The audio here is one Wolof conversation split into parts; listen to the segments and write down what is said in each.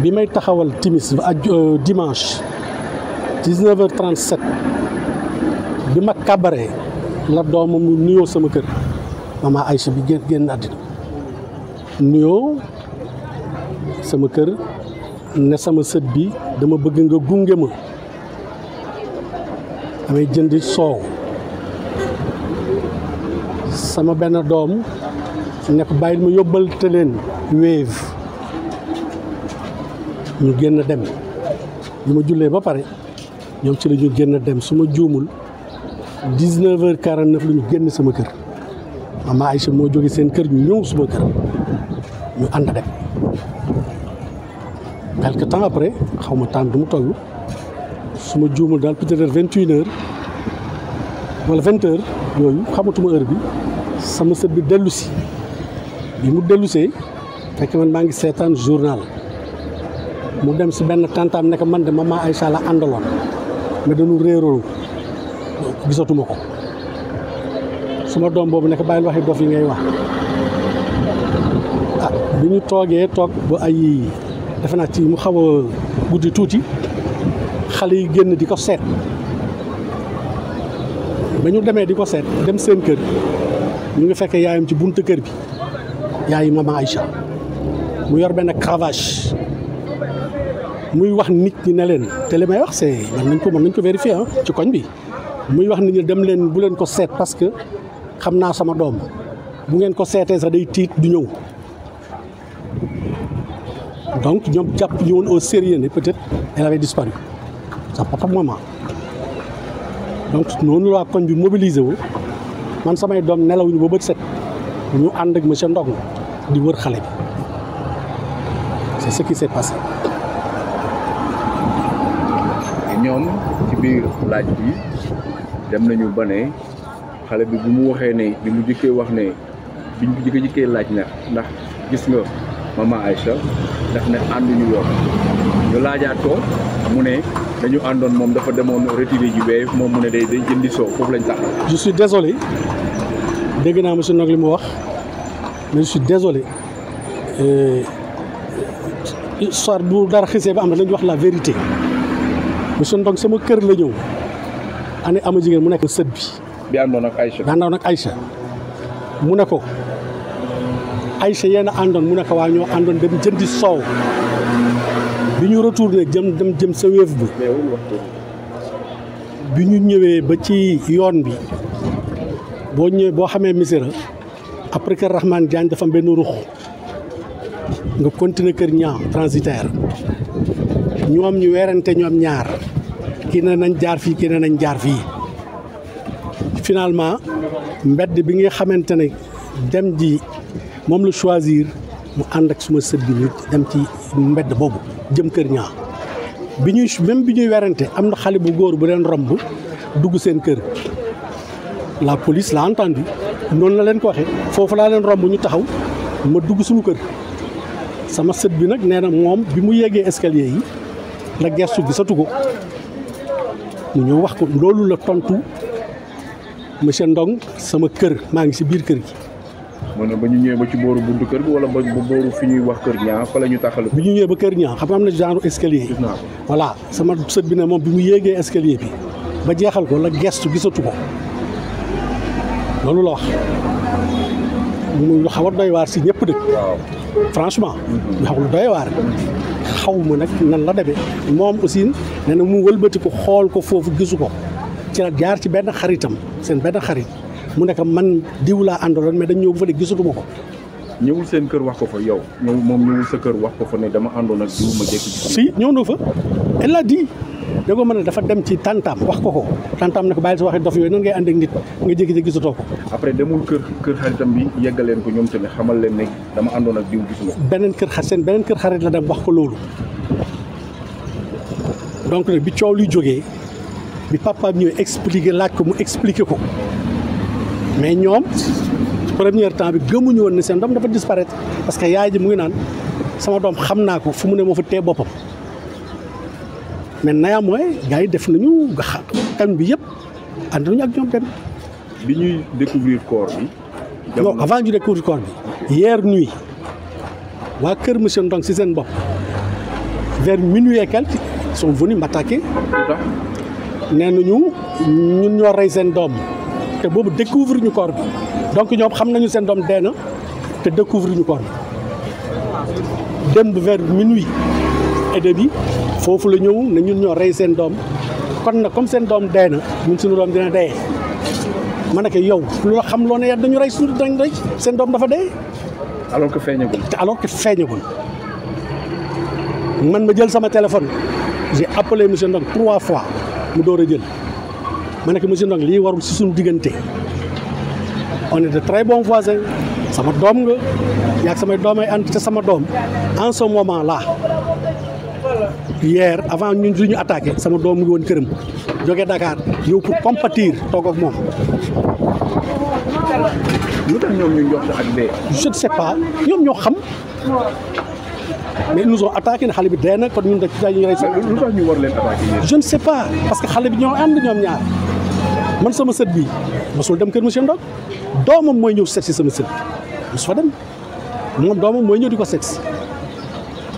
bi may taxawal timis ak euh, dimanche 19 bi ma kabaree la doomam mu nuyoo sama kër maman Aïcha bi génn àddina nuyoo sama kër ne sama sët bi dama bëgg nga gunge ma damay jëndi soow sama benn doom ne ko bàyyil ma yóbbal te leen wéev ñu génn dem bi ma jullee ba pare ñoom ci la génn dem su ma juumul 19 heures 49 la ñu génn sama kër maman Aïcha moo jóge seen kër ñu ñëw suma kër ñu ànd dem quelque temps après xaw ma temps du mu toll su ma juumul daal peut-être vingt une heures wala vingt heures yooyu xamatuma heure bi sama sët bi dellu si bi mu dellusee fekk man maa ngi seetaan journal mu dem ci benn tantam ne ko man de mama Aïcha la àndaloon mais dañu réeroo gisatuma ko suma dom bobu ne ko bàyyil waxi dof yi ngay wax ah bi ñu toogee toog ba ay defe naa ci mu xawa a guddi tuti xali genn di ko seet ba ñu di ko dem seen kër ñu ngi fekkee yaayam ci buntu kër bi yaayu mama Aïcha mu yor ben cravache muy wax nit ñi ne leen te li may wax see nañ ko mën nañ ko vérifier ah ci koñ bi muy wax nit ñi dem leen bu leen ko seet parce que xam naa sama doom bu ngeen ko seetee sa day tiit du ñëw donc ñoom jàpp ñu woon au sérieux ne peut-être elle avait disparu sa papa maman donc noonu la waa koñ bi mobilisé wu man samay doom nelawuñu ba bët set ñu ànd ak monsieur Ndong di wër xale bi c'est ce qui s'est passé ñoom ci biir laaj bi dem nañu ba ne xale bi bu mu waxee ne bi mu jëkkee wax ne biñ ko jëkkee jëkkee laaj na ndax gis nga maman Aïcha daf ne ñu woon ñu laajaat ko mu ne dañu àndoon moom dafa demoon retiré ji bee moom mu ne day day jëndi soow foofu lañ tax je suis désolé dégg naa monsieur Ndong li mu wax mais je suis désolé euh, histoire bu dara xisee ba am na dañu wax la vérité su Ndong sama kër la ñëw ane ama jigéen mu nekk sët bi. bi àndoon ak Aïcha. mu ne ko Aïcha yéen a àndoon mu nekk ko waa ñoo àndoon dem jëndi soow bi ñu retourné jëm dem jëm sa wéef bi bi ñu ñëwee ba ci yoon bi boo ñëwee boo xamee misira après que Rahman Diagne dafa am benn nga continuer kër ñaa transitaire ñoom ñu werante ñoom ñaar. kii ne nañ jaar fii ki ne nañ jaar fii finalement mbedd bi nga xamante ne dem ji moom la choisir mu ànd ak suma sët bi ñu dem ci mbedd boobu jëm kër ñaa bi ñuy même bi ñuy werante am na xale bu góor bu leen romb dugg seen kër la police l'a bi noonu la leen ko waxee foofu laa leen romb ñu taxaw ma dugg suma kër sama sët bi nag nee na moom bi mu yéegee escalier yi la gestu gisatu ko mu ñëw wax ko loolu la tontu monsieur Ndong sama kër maa ngi si biir kër gi mu ne ba ñu ñëwee ba ci booru buntu kër bi wala ba booru fi ñuy wax kër ñaa ah, fa la ñu taxal bi ñu ñëwee ba kër ñaa ah, xam am na genre escalier voilà sama sët bi ne moom bi mu yéegee escalier bi ba jeexal ko la gestu gisatu ko loolu la wax mu xaw a doy waar si ñëpp dëkk franchement ñu xaw lu doy waar mm-hmm. xaw ma nag nan la demee moom aussi nee na mu wëlbati ko xool ko foofu gisu ko ci la jaar ci benn xaritam seen benn xarit mu nekk man diw laa àndaloon mais dañ ñëw fa de gisatuma ko. ñëwul seen kër wax ko fa yow. ñëw moom ñëwul sa kër wax ko fa ne dama àndoon ak diw ma jékki si ñëw na fa elle a déggoo ma ne dafa dem ci tantam wax ko ko tantam ne ko bàyyi si waxi dof yooyu nan ngay ànd ak nit nga jékki-jékki gisatoo ko après demul kër kër xaritam bi yeggaleen ko ñoom tamit xamal leen ne dama àndoon ak diw gisuma beneen kër xar seen beneen kër xarit la dem wax ko loolu donc nag bi coow luy jógee bi papaam ñëw expliqué laaj ko mu expliqué ko mais ñoom premier temps bi gëmuñu woon ne seen doom dafa disparaître parce que yaay ji mu ngi naan sama doom xam naa ko fu mu ne moo tee boppam mais naya moy yi def nañu nga xam kan bi yëpp ànd nañu ak ñom ben bi ñuy découvrir corps bi. non avant ñu découvrir corps bi. hier nuit waa kër monsieur Ndong ci sen bop vers minuit et quelques sont venus m'attaquer. nee ñun ñoo ray sen dom té bobu découvrir ñu corps bi donc ñom xam nañu sen dom déna té découvrir ñu corps bi démb vers minuit. aider bi fofu la ñew na ñun ñoo ray seen doom kon na comme seen doom dee na ñun suñu doom dina dee man ak yow loo xam lo ne yaa dañu ray suñu dañ ray seen doom dafa dee. alors que feeñagul. alors que feeñagul man ma jël sama téléphone j'ai appelé monsieur Ndong trois fois mu doora jël man ak monsieur Ndong li warul ci suñu digënté on est de très bons voisins sama dom nga yak sama domay ay sama dom en ce moment là. hier avant ñu suñu attaqué sama doom mu ngi woon këram jóge Dakar ñëw pour compatir toog ak moom. lu tax ñu jox ak ñoo xam mais nous ont attaqué xale bi dee na ñu war leen attaqué je ne parce que xale bi ñoo ànd ñoom ñaar man sama sët bi mosul dem kër monsieur Ndog doomam mooy ñëw seet si sama sët mosu fa dem moom doomam mooy ñëw di ko seet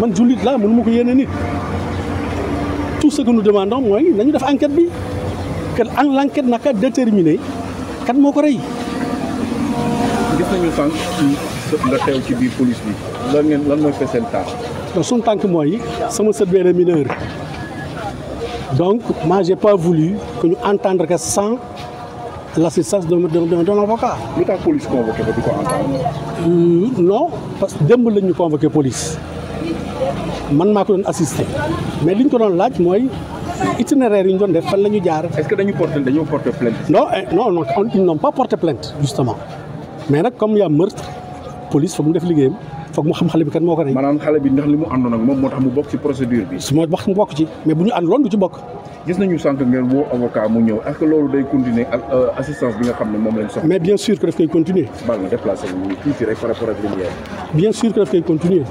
man julit la mënu ko yéene nit tout ce que nous demandons moi, nañu def enquête bi que en l'enquête naka déterminer kan moo ko rey. gis nañu sànq nga xew ci bi police bi lan ngeen lan mooy seen tànk. donc son tànk mooy sama sët bi mineur donc moi j'ai pas voulu que nous entendre que sans l'assistance d'un avocat. mais la police convoqué ko di entendre. Euh, non parce que nous lañ ñu police man maa ko doon assister mais liñ ko doon laaj mooy itinéraire yi ñu doon def fan la ñu jaar. est-ce que dañu porté dañu porté plainte. non eh, non non ils n'ont pas porté plainte justement mais nag comme y a meurtre police foog mu def liggéeyam foog mu xam xale bi kan moo ko rey. maanaam xale bi ndax li mu àndoon ak moom moo tax mu bokk ci procédure bi. su ma wax mu bokk ci mais bu ñu ànd loolu du ci bokk. gis nañu sànq ngeen woo avocat mu ñëw est-ce que loolu day continuer ak euh, assistance bi nga xam ne moom lañ soxla. mais bien sûr que daf koy continuer. baal ma déplacé wu ñu tuuti rek par rapport ak bien sûr que daf koy continuer.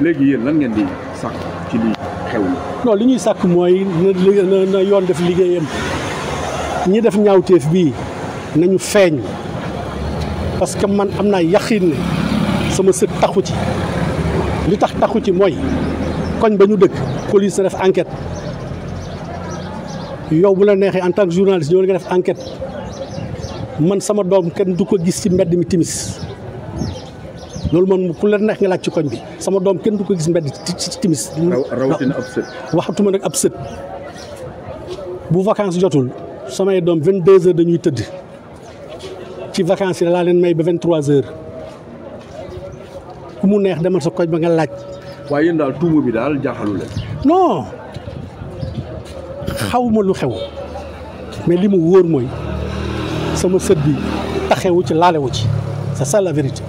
léegi yéen lan ngeen di sàkk ci lii xew yi. non li ñuy sàkk mooy na na yoon def liggéeyam ñi def ñaawteef bii nañu feeñ parce que man am naa yaqin ne sama sët taxu ci li tax taxu ci mooy koñ ba ñu dëkk police na def enquête yow bu la neexee en tant que journaliste ñoo nga def enquête man sama doom kenn du ko gis ci mbedd mi timis loolu moom ku leen neex nga laaj ci koñ bi sama doom kenn du ko gis mbedd ci timis rawatina ab waxatuma nag ab sët bu vacance jotul samay doom vingt deux heures dañuy tëdd ci vacances yi laa leen may ba vingt trois heures ku mu neex demal sa koñ ba nga laaj waaye yéen daal tuuma bi daal jaaxalu leen non xaw ma lu xew mais li mu wóor mooy sama sët bi taxewu ci laalewu ci c'est ça la vérité